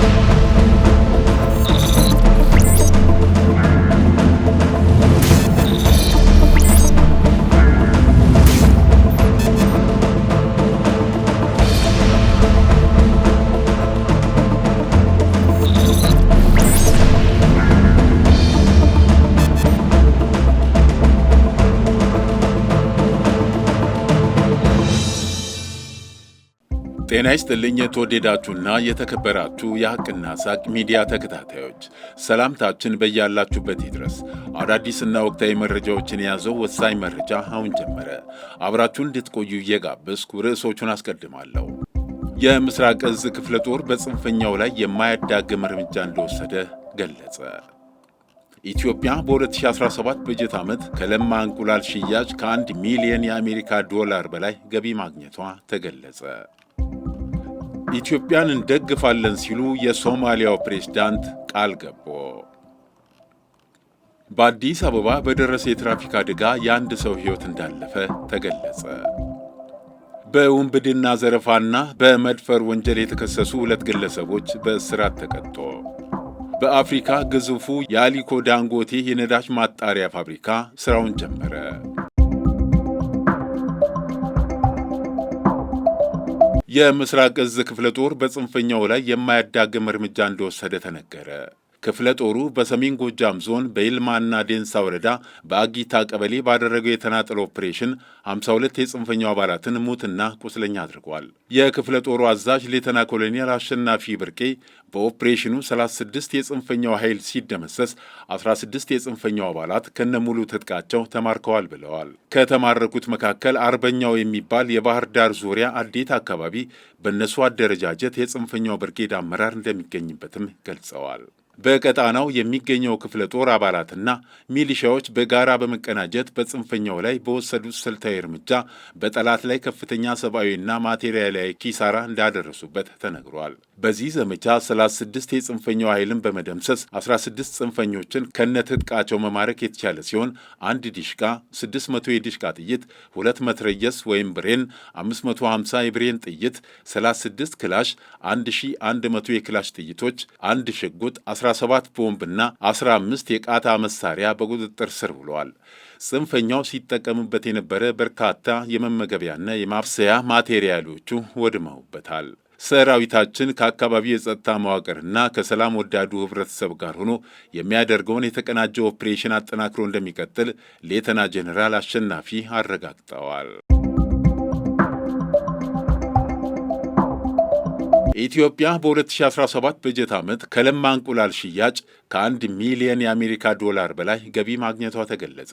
Thank you. ጤና ይስጥልኝ የተወደዳችሁና የተከበራችሁ የሐቅና ሳቅ ሚዲያ ተከታታዮች፣ ሰላምታችን በያላችሁበት ይድረስ። አዳዲስና ወቅታዊ መረጃዎችን የያዘው ወሳኝ መረጃ አሁን ጀመረ። አብራችሁን እንድትቆዩ እየጋበዝኩ ርዕሶቹን አስቀድማለሁ። የምስራቅ እዝ ክፍለ ጦር በጽንፈኛው ላይ የማያዳግም እርምጃ እንደወሰደ ገለጸ። ኢትዮጵያ በ2017 በጀት ዓመት ከለማ እንቁላል ሽያጭ ከአንድ ሚሊዮን የአሜሪካ ዶላር በላይ ገቢ ማግኘቷ ተገለጸ። ኢትዮጵያን እንደግፋለን ሲሉ የሶማሊያው ፕሬዝዳንት ቃል ገቦ። በአዲስ አበባ በደረሰ የትራፊክ አደጋ የአንድ ሰው ሕይወት እንዳለፈ ተገለጸ። በውንብድና ዘረፋና በመድፈር ወንጀል የተከሰሱ ሁለት ግለሰቦች በእስራት ተቀጦ። በአፍሪካ ግዙፉ የአሊኮ ዳንጎቴ የነዳጅ ማጣሪያ ፋብሪካ ሥራውን ጀመረ። የምስራቅ እዝ ክፍለ ጦር በጽንፈኛው ላይ የማያዳግም እርምጃ እንደወሰደ ተነገረ። ክፍለ ጦሩ በሰሜን ጎጃም ዞን በይልማና ዴንሳ ወረዳ በአጊታ ቀበሌ ባደረገው የተናጠለ ኦፕሬሽን 52 የጽንፈኛው አባላትን ሙትና ቁስለኛ አድርጓል። የክፍለ ጦሩ አዛዥ ሌተና ኮሎኔል አሸናፊ ብርቄ በኦፕሬሽኑ 36 የጽንፈኛው ኃይል ሲደመሰስ 16 የጽንፈኛው አባላት ከነሙሉ ትጥቃቸው ተማርከዋል ብለዋል። ከተማረኩት መካከል አርበኛው የሚባል የባህር ዳር ዙሪያ አዴት አካባቢ በእነሱ አደረጃጀት የጽንፈኛው ብርጌድ አመራር እንደሚገኝበትም ገልጸዋል። በቀጣናው የሚገኘው ክፍለ ጦር አባላትና ሚሊሻዎች በጋራ በመቀናጀት በጽንፈኛው ላይ በወሰዱት ስልታዊ እርምጃ በጠላት ላይ ከፍተኛ ሰብአዊና ማቴሪያላዊ ኪሳራ እንዳደረሱበት ተነግሯል። በዚህ ዘመቻ 36 የጽንፈኛው ኃይልን በመደምሰስ 16 ጽንፈኞችን ከነትጥቃቸው መማረክ የተቻለ ሲሆን አንድ ዲሽቃ፣ 600 የዲሽቃ ጥይት፣ ሁለት መትረየስ ወይም ብሬን፣ 550 የብሬን ጥይት፣ 36 ክላሽ፣ 1100 የክላሽ ጥይቶች፣ አንድ ሽጉጥ፣ 17 ቦምብና 15 የቃታ መሳሪያ በቁጥጥር ስር ውለዋል። ጽንፈኛው ሲጠቀምበት የነበረ በርካታ የመመገቢያና የማብሰያ ማቴሪያሎቹ ወድመውበታል። ሰራዊታችን ከአካባቢው የጸጥታ መዋቅርና ከሰላም ወዳዱ ህብረተሰብ ጋር ሆኖ የሚያደርገውን የተቀናጀ ኦፕሬሽን አጠናክሮ እንደሚቀጥል ሌተና ጄኔራል አሸናፊ አረጋግጠዋል። ኢትዮጵያ በ2017 በጀት ዓመት ከለማ እንቁላል ሽያጭ ከአንድ ሚሊየን የአሜሪካ ዶላር በላይ ገቢ ማግኘቷ ተገለጸ።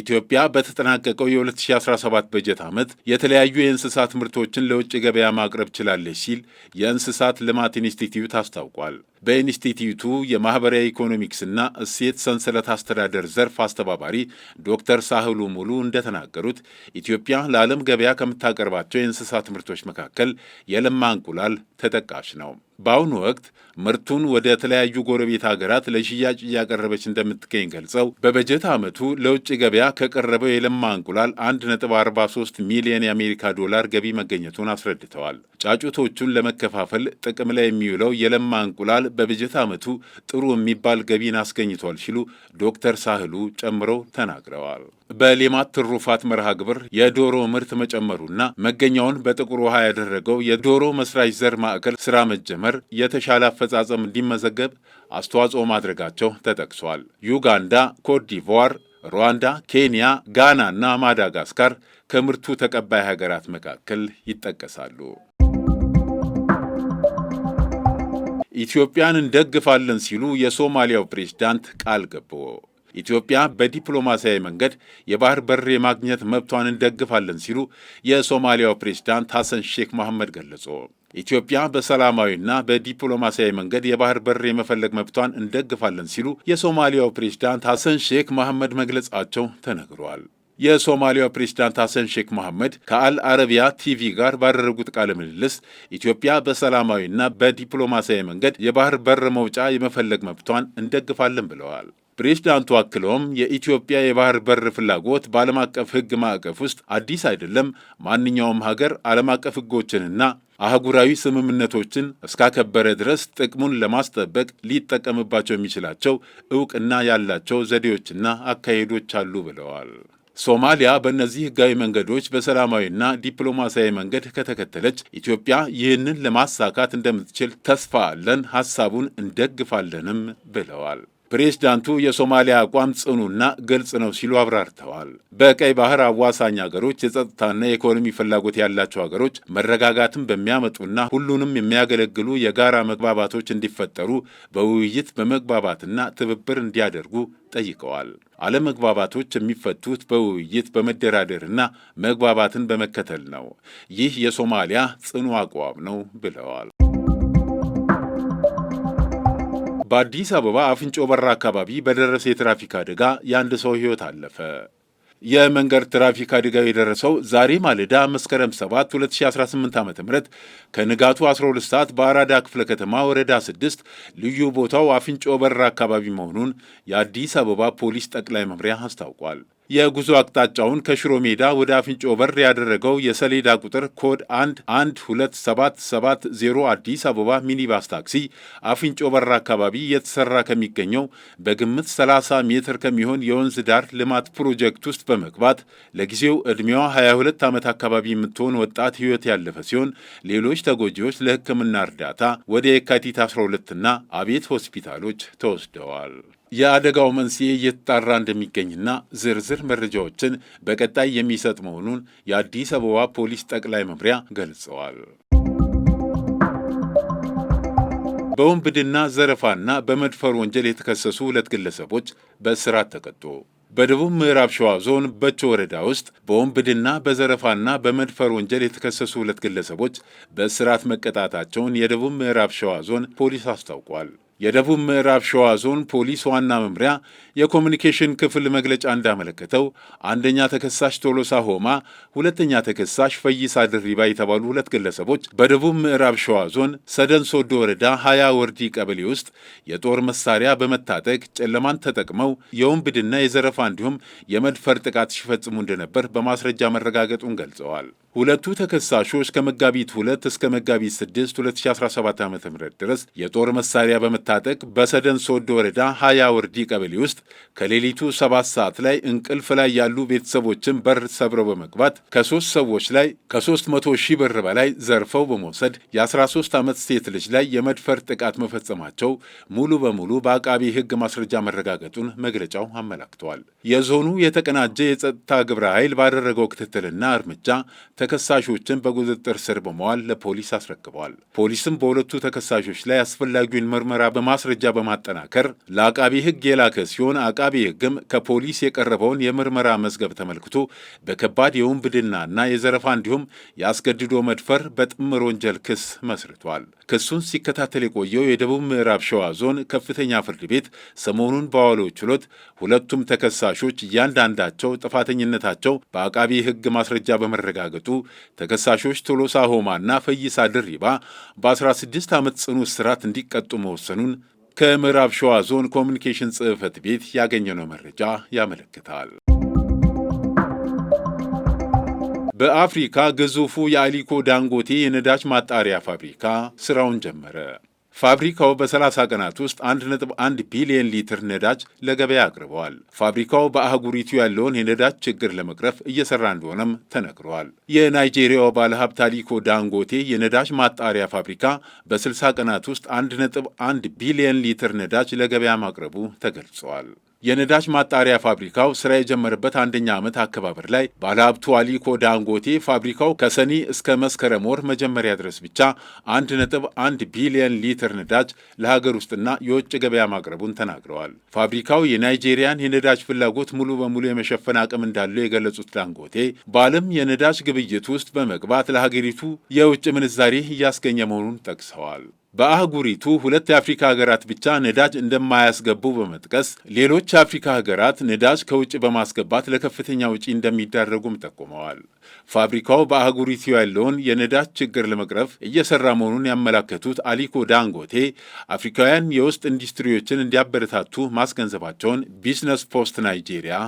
ኢትዮጵያ በተጠናቀቀው የ2017 በጀት ዓመት የተለያዩ የእንስሳት ምርቶችን ለውጭ ገበያ ማቅረብ ችላለች ሲል የእንስሳት ልማት ኢንስቲትዩት አስታውቋል። በኢንስቲትዩቱ የማኅበራዊ ኢኮኖሚክስና እሴት ሰንሰለት አስተዳደር ዘርፍ አስተባባሪ ዶክተር ሳህሉ ሙሉ እንደተናገሩት ኢትዮጵያ ለዓለም ገበያ ከምታቀርባቸው የእንስሳት ምርቶች መካከል የለማ እንቁላል ተጠቃሽ ነው። በአሁኑ ወቅት ምርቱን ወደ ተለያዩ ጎረቤት ሀገራት ለሽያጭ እያቀረበች እንደምትገኝ ገልጸው በበጀት ዓመቱ ለውጭ ገበያ ከቀረበው የለማ እንቁላል 1.43 ሚሊዮን የአሜሪካ ዶላር ገቢ መገኘቱን አስረድተዋል። ጫጩቶቹን ለመከፋፈል ጥቅም ላይ የሚውለው የለማ እንቁላል በበጀት ዓመቱ ጥሩ የሚባል ገቢን አስገኝቷል ሲሉ ዶክተር ሳህሉ ጨምረው ተናግረዋል። በሌማት ትሩፋት መርሃ ግብር የዶሮ ምርት መጨመሩና መገኛውን በጥቁር ውሃ ያደረገው የዶሮ መስራች ዘር ማዕከል ስራ መጀመር የተሻለ አፈጻጸም እንዲመዘገብ አስተዋጽኦ ማድረጋቸው ተጠቅሷል። ዩጋንዳ፣ ኮትዲቯር፣ ሩዋንዳ፣ ኬንያ፣ ጋና እና ማዳጋስካር ከምርቱ ተቀባይ ሀገራት መካከል ይጠቀሳሉ። ኢትዮጵያን እንደግፋለን ሲሉ የሶማሊያው ፕሬዝዳንት ቃል ገቡ። ኢትዮጵያ በዲፕሎማሲያዊ መንገድ የባህር በር የማግኘት መብቷን እንደግፋለን ሲሉ የሶማሊያው ፕሬዚዳንት ሐሰን ሼክ መሐመድ ገለጹ። ኢትዮጵያ በሰላማዊና በዲፕሎማሲያዊ መንገድ የባህር በር የመፈለግ መብቷን እንደግፋለን ሲሉ የሶማሊያው ፕሬዚዳንት ሐሰን ሼክ መሐመድ መግለጻቸው ተነግሯል። የሶማሊያው ፕሬዚዳንት ሐሰን ሼክ መሐመድ ከአል አረቢያ ቲቪ ጋር ባደረጉት ቃለ ምልልስ ኢትዮጵያ በሰላማዊና በዲፕሎማሲያዊ መንገድ የባህር በር መውጫ የመፈለግ መብቷን እንደግፋለን ብለዋል። ፕሬዚዳንቱ አክለውም የኢትዮጵያ የባህር በር ፍላጎት በዓለም አቀፍ ሕግ ማዕቀፍ ውስጥ አዲስ አይደለም። ማንኛውም ሀገር ዓለም አቀፍ ሕጎችንና አህጉራዊ ስምምነቶችን እስካከበረ ድረስ ጥቅሙን ለማስጠበቅ ሊጠቀምባቸው የሚችላቸው እውቅና ያላቸው ዘዴዎችና አካሄዶች አሉ ብለዋል። ሶማሊያ በእነዚህ ህጋዊ መንገዶች በሰላማዊና ዲፕሎማሲያዊ መንገድ ከተከተለች ኢትዮጵያ ይህንን ለማሳካት እንደምትችል ተስፋ አለን፣ ሀሳቡን እንደግፋለንም ብለዋል። ፕሬዚዳንቱ የሶማሊያ አቋም ጽኑና ግልጽ ነው ሲሉ አብራርተዋል። በቀይ ባህር አዋሳኝ ሀገሮች የጸጥታና የኢኮኖሚ ፍላጎት ያላቸው ሀገሮች መረጋጋትን በሚያመጡና ሁሉንም የሚያገለግሉ የጋራ መግባባቶች እንዲፈጠሩ በውይይት በመግባባትና ትብብር እንዲያደርጉ ጠይቀዋል። አለመግባባቶች የሚፈቱት በውይይት በመደራደርና መግባባትን በመከተል ነው። ይህ የሶማሊያ ጽኑ አቋም ነው ብለዋል። በአዲስ አበባ አፍንጮ በር አካባቢ በደረሰ የትራፊክ አደጋ የአንድ ሰው ሕይወት አለፈ። የመንገድ ትራፊክ አደጋው የደረሰው ዛሬ ማለዳ መስከረም 7 2018 ዓ ም ከንጋቱ 12 ሰዓት በአራዳ ክፍለ ከተማ ወረዳ 6 ልዩ ቦታው አፍንጮ በር አካባቢ መሆኑን የአዲስ አበባ ፖሊስ ጠቅላይ መምሪያ አስታውቋል። የጉዞ አቅጣጫውን ከሽሮ ሜዳ ወደ አፍንጮ በር ያደረገው የሰሌዳ ቁጥር ኮድ 1 1 2770 አዲስ አበባ ሚኒባስ ታክሲ አፍንጮ በር አካባቢ እየተሰራ ከሚገኘው በግምት 30 ሜትር ከሚሆን የወንዝ ዳር ልማት ፕሮጀክት ውስጥ በመግባት ለጊዜው ዕድሜዋ 22 ዓመት አካባቢ የምትሆን ወጣት ሕይወት ያለፈ ሲሆን ሌሎች ተጎጂዎች ለሕክምና እርዳታ ወደ የካቲት 12ና አቤት ሆስፒታሎች ተወስደዋል። የአደጋው መንስኤ እየተጣራ እንደሚገኝና ዝርዝር መረጃዎችን በቀጣይ የሚሰጥ መሆኑን የአዲስ አበባ ፖሊስ ጠቅላይ መምሪያ ገልጸዋል። በወንብድና ዘረፋና በመድፈር ወንጀል የተከሰሱ ሁለት ግለሰቦች በእስራት ተቀጡ። በደቡብ ምዕራብ ሸዋ ዞን በቾ ወረዳ ውስጥ በወንብድና በዘረፋና በመድፈር ወንጀል የተከሰሱ ሁለት ግለሰቦች በእስራት መቀጣታቸውን የደቡብ ምዕራብ ሸዋ ዞን ፖሊስ አስታውቋል። የደቡብ ምዕራብ ሸዋ ዞን ፖሊስ ዋና መምሪያ የኮሚኒኬሽን ክፍል መግለጫ እንዳመለከተው አንደኛ ተከሳሽ ቶሎሳ ሆማ፣ ሁለተኛ ተከሳሽ ፈይሳ ድሪባ የተባሉ ሁለት ግለሰቦች በደቡብ ምዕራብ ሸዋ ዞን ሰደን ሶዶ ወረዳ ሀያ ወርዲ ቀበሌ ውስጥ የጦር መሳሪያ በመታጠቅ ጨለማን ተጠቅመው የወንብድና የዘረፋ እንዲሁም የመድፈር ጥቃት ሲፈጽሙ እንደነበር በማስረጃ መረጋገጡን ገልጸዋል። ሁለቱ ተከሳሾች ከመጋቢት 2 እስከ መጋቢት 6 2017 ዓ ም ድረስ የጦር መሳሪያ በመታጠቅ በሰደን ሶዶ ወረዳ ሀያ ወርዲ ቀበሌ ውስጥ ከሌሊቱ 7 ሰዓት ላይ እንቅልፍ ላይ ያሉ ቤተሰቦችን በር ሰብረው በመግባት ከሶስት ሰዎች ላይ ከ300 ሺህ ብር በላይ ዘርፈው በመውሰድ የ13 ዓመት ሴት ልጅ ላይ የመድፈር ጥቃት መፈጸማቸው ሙሉ በሙሉ በአቃቢ ሕግ ማስረጃ መረጋገጡን መግለጫው አመላክተዋል። የዞኑ የተቀናጀ የጸጥታ ግብረ ኃይል ባደረገው ክትትልና እርምጃ ተከሳሾችን በቁጥጥር ስር በመዋል ለፖሊስ አስረክበዋል። ፖሊስም በሁለቱ ተከሳሾች ላይ አስፈላጊውን ምርመራ በማስረጃ በማጠናከር ለአቃቢ ሕግ የላከ ሲሆን አቃቢ ሕግም ከፖሊስ የቀረበውን የምርመራ መዝገብ ተመልክቶ በከባድ የውንብድናና የዘረፋ እንዲሁም የአስገድዶ መድፈር በጥምር ወንጀል ክስ መስርቷል። ክሱን ሲከታተል የቆየው የደቡብ ምዕራብ ሸዋ ዞን ከፍተኛ ፍርድ ቤት ሰሞኑን በዋለው ችሎት ሁለቱም ተከሳሾች እያንዳንዳቸው ጥፋተኝነታቸው በአቃቢ ሕግ ማስረጃ በመረጋገጡ ተከሳሾች ቶሎሳ ሆማና ፈይሳ ድሪባ በ16 ዓመት ጽኑ እስራት እንዲቀጡ መወሰኑን ከምዕራብ ሸዋ ዞን ኮሚኒኬሽን ጽሕፈት ቤት ያገኘነው መረጃ ያመለክታል። በአፍሪካ ግዙፉ የአሊኮ ዳንጎቴ የነዳጅ ማጣሪያ ፋብሪካ ስራውን ጀመረ። ፋብሪካው በ30 ቀናት ውስጥ 1.1 ቢሊዮን ሊትር ነዳጅ ለገበያ አቅርበዋል። ፋብሪካው በአህጉሪቱ ያለውን የነዳጅ ችግር ለመቅረፍ እየሰራ እንደሆነም ተነግረዋል። የናይጄሪያው ባለሀብት አሊኮ ዳንጎቴ የነዳጅ ማጣሪያ ፋብሪካ በ60 ቀናት ውስጥ 1.1 ቢሊዮን ሊትር ነዳጅ ለገበያ ማቅረቡ ተገልጸዋል። የነዳጅ ማጣሪያ ፋብሪካው ስራ የጀመረበት አንደኛ ዓመት አከባበር ላይ ባለሀብቱ አሊኮ ዳንጎቴ ፋብሪካው ከሰኔ እስከ መስከረም ወር መጀመሪያ ድረስ ብቻ አንድ ነጥብ አንድ ቢሊየን ሊትር ነዳጅ ለሀገር ውስጥና የውጭ ገበያ ማቅረቡን ተናግረዋል። ፋብሪካው የናይጄሪያን የነዳጅ ፍላጎት ሙሉ በሙሉ የመሸፈን አቅም እንዳለው የገለጹት ዳንጎቴ በዓለም የነዳጅ ግብይት ውስጥ በመግባት ለሀገሪቱ የውጭ ምንዛሬ እያስገኘ መሆኑን ጠቅሰዋል። በአህጉሪቱ ሁለት የአፍሪካ ሀገራት ብቻ ነዳጅ እንደማያስገቡ በመጥቀስ ሌሎች የአፍሪካ ሀገራት ነዳጅ ከውጭ በማስገባት ለከፍተኛ ውጪ እንደሚዳረጉም ጠቁመዋል። ፋብሪካው በአህጉሪቱ ያለውን የነዳጅ ችግር ለመቅረፍ እየሰራ መሆኑን ያመላከቱት አሊኮ ዳንጎቴ አፍሪካውያን የውስጥ ኢንዱስትሪዎችን እንዲያበረታቱ ማስገንዘባቸውን ቢዝነስ ፖስት ናይጄሪያ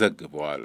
ዘግበዋል።